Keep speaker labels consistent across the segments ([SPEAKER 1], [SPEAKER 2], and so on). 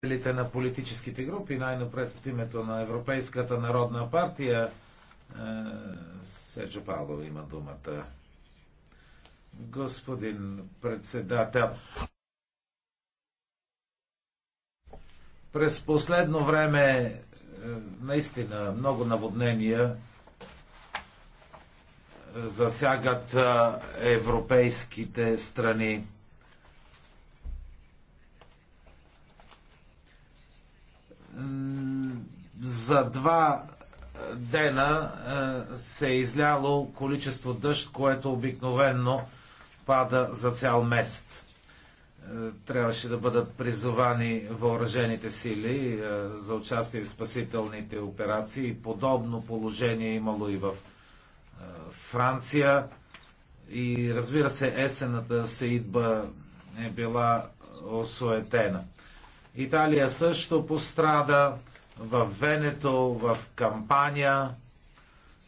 [SPEAKER 1] представителите на политическите групи, най-напред от името на Европейската народна партия. Е, Седжо Павлов има думата. Господин председател, през последно време е, наистина много наводнения е, засягат европейските страни. за два дена е, се е изляло количество дъжд, което обикновенно пада за цял месец. Е, трябваше да бъдат призовани въоръжените сили е, за участие в спасителните операции. Подобно положение имало и в Франция. И разбира се, есената сеидба е била осуетена. Италия също пострада, в Венето, в Кампания,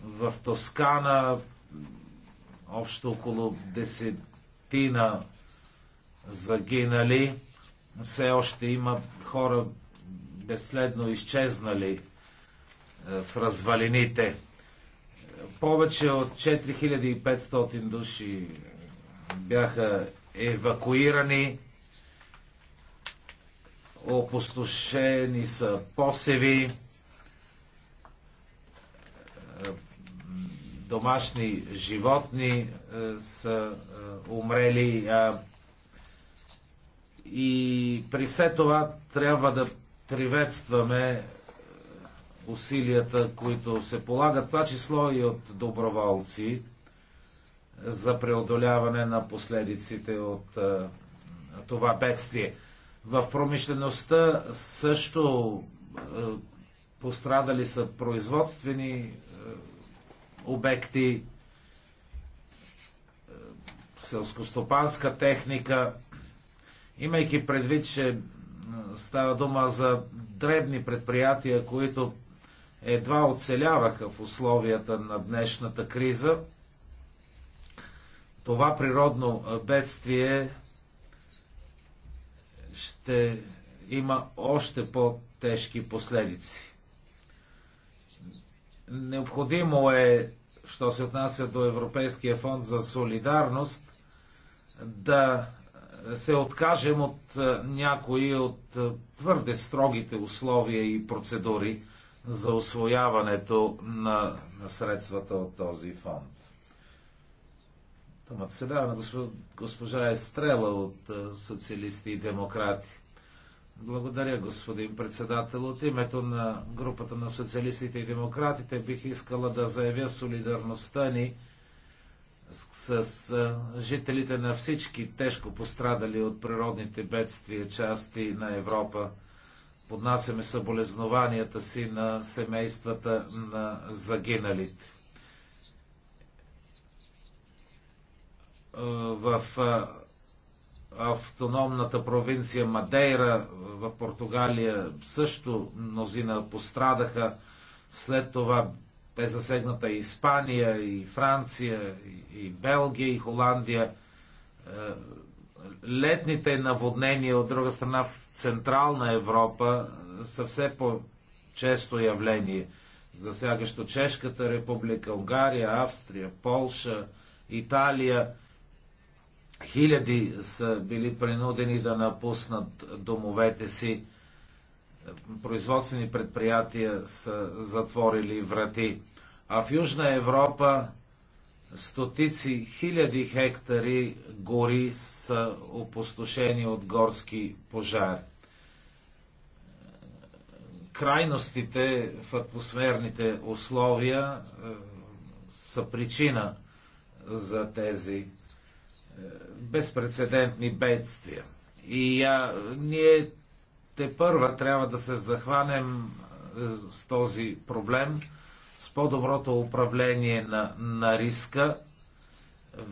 [SPEAKER 1] в Тоскана, общо около десетина загинали. Все още има хора безследно изчезнали е, в развалините. Повече от 4500 души бяха евакуирани опустошени са посеви, е, домашни животни е, са е, умрели и при все това трябва да приветстваме усилията, които се полагат, това число и от доброволци за преодоляване на последиците от това бедствие. В промишлеността също е, пострадали са производствени е, обекти, е, селскостопанска техника, имайки предвид, че става дума за дребни предприятия, които едва оцеляваха в условията на днешната криза, това природно бедствие ще има още по-тежки последици. Необходимо е, що се отнася до Европейския фонд за солидарност, да се откажем от е, някои от е, твърде строгите условия и процедури за освояването на, на средствата от този фонд. Думата на госпожа Естрела от е, Социалисти и Демократи. Благодаря, господин председател. От името на групата на социалистите и демократите бих искала да заявя солидарността ни с, с е, жителите на всички тежко пострадали от природните бедствия части на Европа. Поднасяме съболезнованията си на семействата на загиналите. в автономната провинция Мадейра в Португалия също мнозина пострадаха. След това бе засегната и Испания, и Франция, и Белгия, и Холандия. Летните наводнения, от друга страна, в Централна Европа са все по-често явление, засягащо Чешката република, Унгария, Австрия, Полша, Италия – Хиляди са били принудени да напуснат домовете си. Производствени предприятия са затворили врати. А в Южна Европа стотици хиляди хектари гори са опустошени от горски пожар. Крайностите в атмосферните условия е, са причина за тези безпредседентни бедствия. И а, ние те първа трябва да се захванем е, с този проблем, с по-доброто управление на, на риска.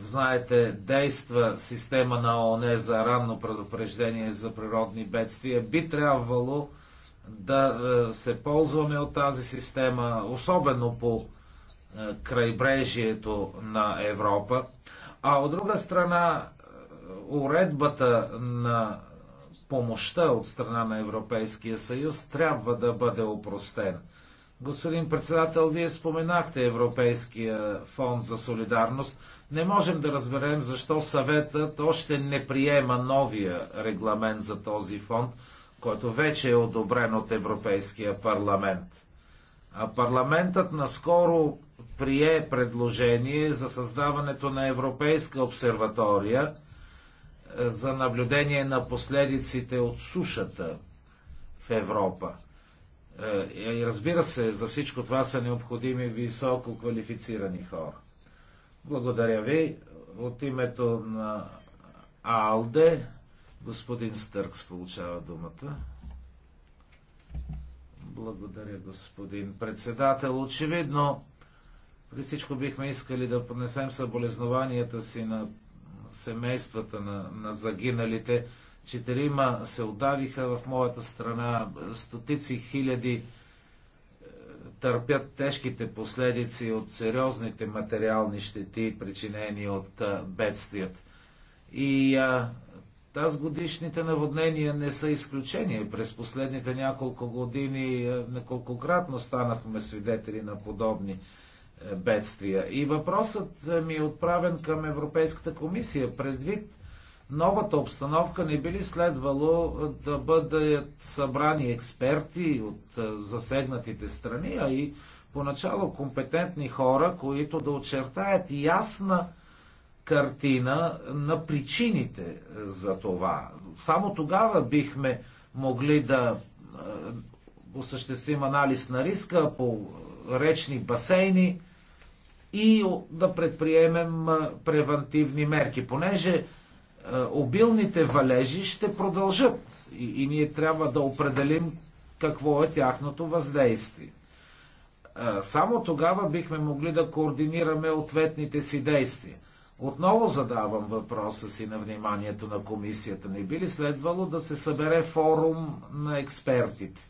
[SPEAKER 1] Знаете, действа система на ООН за ранно предупреждение за природни бедствия. Би трябвало да е, се ползваме от тази система, особено по е, крайбрежието на Европа. А от друга страна, уредбата на помощта от страна на Европейския съюз трябва да бъде опростен. Господин председател, вие споменахте Европейския фонд за солидарност. Не можем да разберем защо съветът още не приема новия регламент за този фонд, който вече е одобрен от Европейския парламент. А парламентът наскоро прие предложение за създаването на Европейска обсерватория е, за наблюдение на последиците от сушата в Европа. Е, и разбира се, за всичко това са необходими високо квалифицирани хора. Благодаря ви. От името на АЛДЕ господин Стъркс получава думата. Благодаря, господин председател. Очевидно, преди всичко бихме искали да понесем съболезнованията си на семействата на, на загиналите. Четирима се отдавиха в моята страна, стотици хиляди е, търпят тежките последици от сериозните материални щети, причинени от е, бедствият. И а, е, тази годишните наводнения не са изключение. През последните няколко години неколкократно станахме свидетели на подобни е, бедствия. И въпросът е, ми е отправен към Европейската комисия. Предвид новата обстановка не би ли следвало е, да бъдат събрани експерти от засегнатите страни, а и поначало компетентни хора, които да очертаят ясна картина на причините за това. Само тогава бихме могли да осъществим анализ на риска по речни басейни, и да предприемем превантивни мерки, понеже обилните валежи ще продължат и, и ние трябва да определим какво е тяхното въздействие. Само тогава бихме могли да координираме ответните си действия. Отново задавам въпроса си на вниманието на комисията. Не би ли следвало да се събере форум на експертите?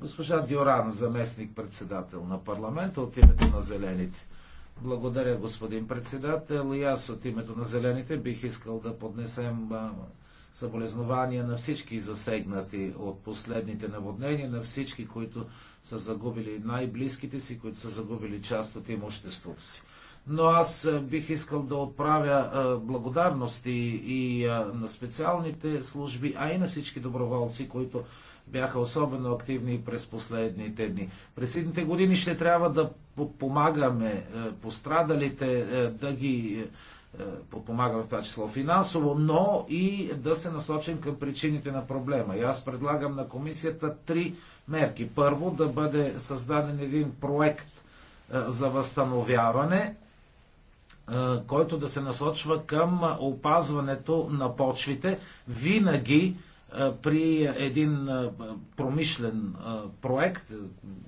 [SPEAKER 1] Госпожа Дюран, заместник председател на парламента от името на Зелените. Благодаря, господин председател. И аз от името на Зелените бих искал да поднесем съболезнования на всички засегнати от последните наводнения, на всички, които са загубили най-близките си, които са загубили част от имуществото си. Но аз бих искал да отправя благодарности и на специалните служби, а и на всички доброволци, които бяха особено активни през последните дни. През следните години ще трябва да помагаме е, пострадалите, е, да ги е, подпомагаме в това число финансово, но и да се насочим към причините на проблема. И аз предлагам на комисията три мерки. Първо, да бъде създаден един проект за възстановяване, който да се насочва към опазването на почвите винаги при един промишлен проект,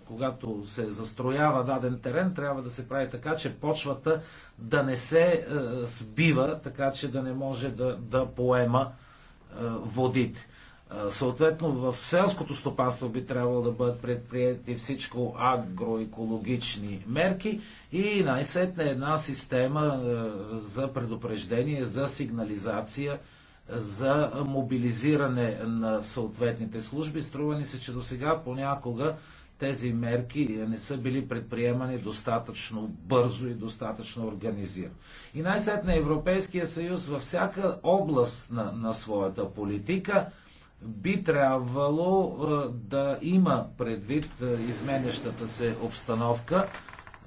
[SPEAKER 1] когато се застроява даден терен, трябва да се прави така, че почвата да не се сбива, така че да не може да, да поема водите. Съответно, в селското стопанство би трябвало да бъдат предприяти всичко агроекологични мерки и най-сетне една система за предупреждение, за сигнализация – за мобилизиране на съответните служби. Струва ни се, че до сега понякога тези мерки не са били предприемани достатъчно бързо и достатъчно организирано. И най-сетне Европейския съюз във всяка област на, на своята политика би трябвало да има предвид изменящата се обстановка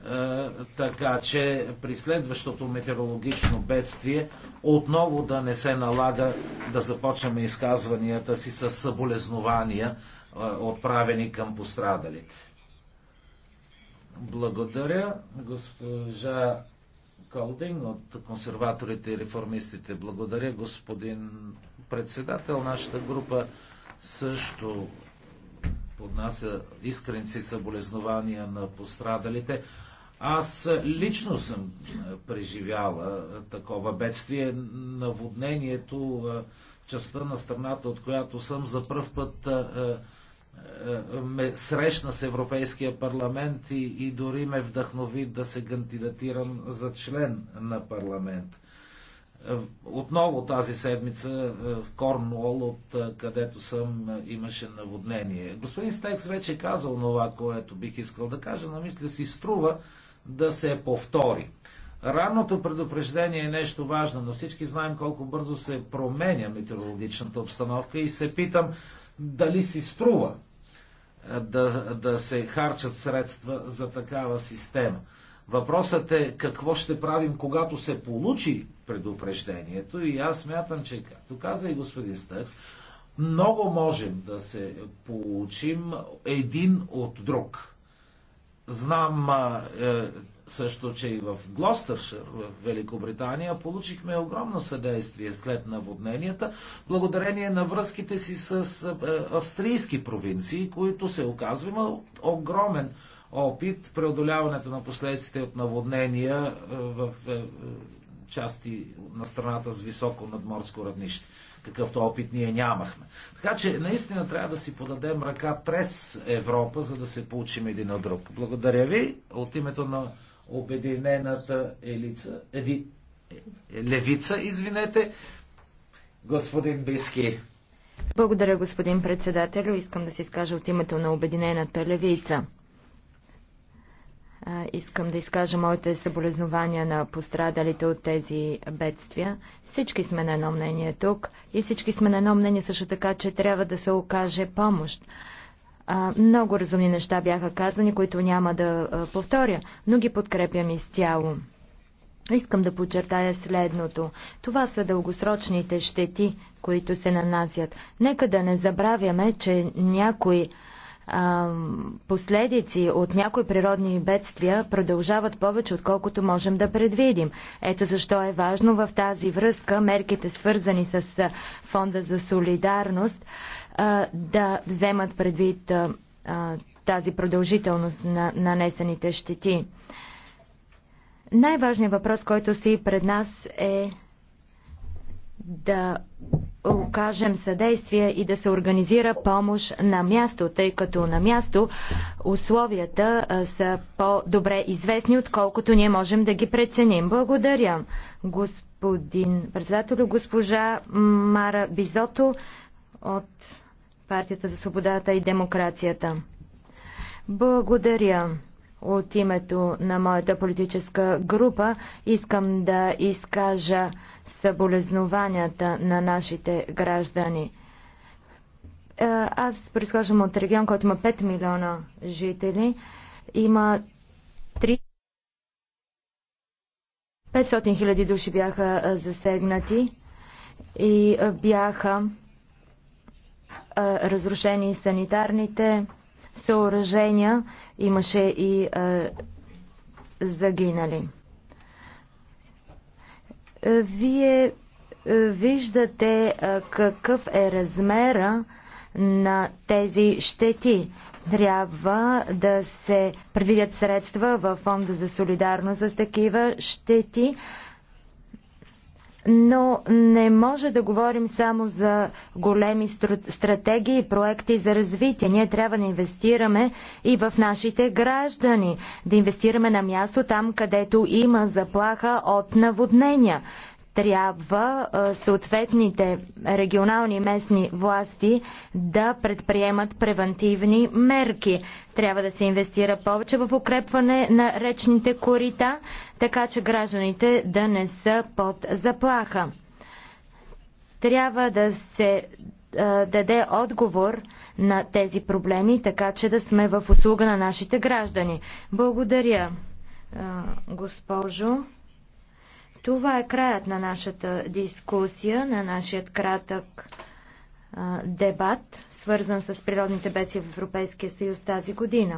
[SPEAKER 1] е, така че при следващото метеорологично бедствие отново да не се налага да започваме изказванията си с съболезнования, е, отправени към пострадалите. Благодаря, госпожа Колдинг от консерваторите и реформистите. Благодаря, господин председател. Нашата група също поднася искренци съболезнования на пострадалите. Аз лично съм преживяла такова бедствие. Наводнението в частта на страната, от която съм за първ път ме срещна с Европейския парламент и, и дори ме вдъхнови да се кандидатирам за член на парламент. Отново тази седмица в Корнуол, от където съм, имаше наводнение. Господин Стекс вече казал това, което бих искал да кажа, но мисля си струва да се повтори. Ранното предупреждение е нещо важно, но всички знаем колко бързо се променя метеорологичната обстановка и се питам дали си струва е, да, да се харчат средства за такава система. Въпросът е какво ще правим, когато се получи предупреждението и аз смятам, че, както каза и господин Стъкс, много можем да се получим един от друг. Знам е, също, че и в Глостършир, в Великобритания, получихме огромно съдействие след наводненията, благодарение на връзките си с е, австрийски провинции, които се оказва има огромен опит в преодоляването на последствията от наводнения е, в е, части на страната с високо надморско равнище. Какъвто опит ние нямахме. Така че наистина трябва да си подадем ръка през Европа, за да се получим един от друг. Благодаря ви от името на Обединената елица, еди, левица, извинете, господин Биски.
[SPEAKER 2] Благодаря, господин председател, Искам да се изкажа от името на Обединената левица. Искам да изкажа моите съболезнования на пострадалите от тези бедствия. Всички сме на едно мнение тук и всички сме на едно мнение също така, че трябва да се окаже помощ. Много разумни неща бяха казани, които няма да повторя, но ги подкрепям изцяло. Искам да подчертая следното. Това са дългосрочните щети, които се нанасят. Нека да не забравяме, че някои последици от някои природни бедствия продължават повече, отколкото можем да предвидим. Ето защо е важно в тази връзка мерките, свързани с Фонда за солидарност, да вземат предвид тази продължителност на нанесените щети. Най-важният въпрос, който си пред нас е да окажем съдействие и да се организира помощ на място, тъй като на място условията са по-добре известни, отколкото ние можем да ги преценим. Благодаря, господин председател, госпожа Мара Бизото от Партията за свободата и демокрацията. Благодаря. От името на моята политическа група искам да изкажа съболезнованията на нашите граждани. Е, аз произхождам от регион, който има 5 милиона жители. Има 3... 500 хиляди души бяха е, засегнати и е, бяха разрушени санитарните съоръжения имаше и е, загинали. Вие е, виждате какъв е размера на тези щети. Трябва да се предвидят средства в Фонда за солидарност с такива щети но не може да говорим само за големи стратегии и проекти за развитие. Ние трябва да инвестираме и в нашите граждани, да инвестираме на място там, където има заплаха от наводнения трябва съответните регионални местни власти да предприемат превентивни мерки. Трябва да се инвестира повече в укрепване на речните корита, така че гражданите да не са под заплаха. Трябва да се даде отговор на тези проблеми, така че да сме в услуга на нашите граждани. Благодаря, госпожо. Това е краят на нашата дискусия, на нашият кратък а, дебат, свързан с природните беси в Европейския съюз тази година.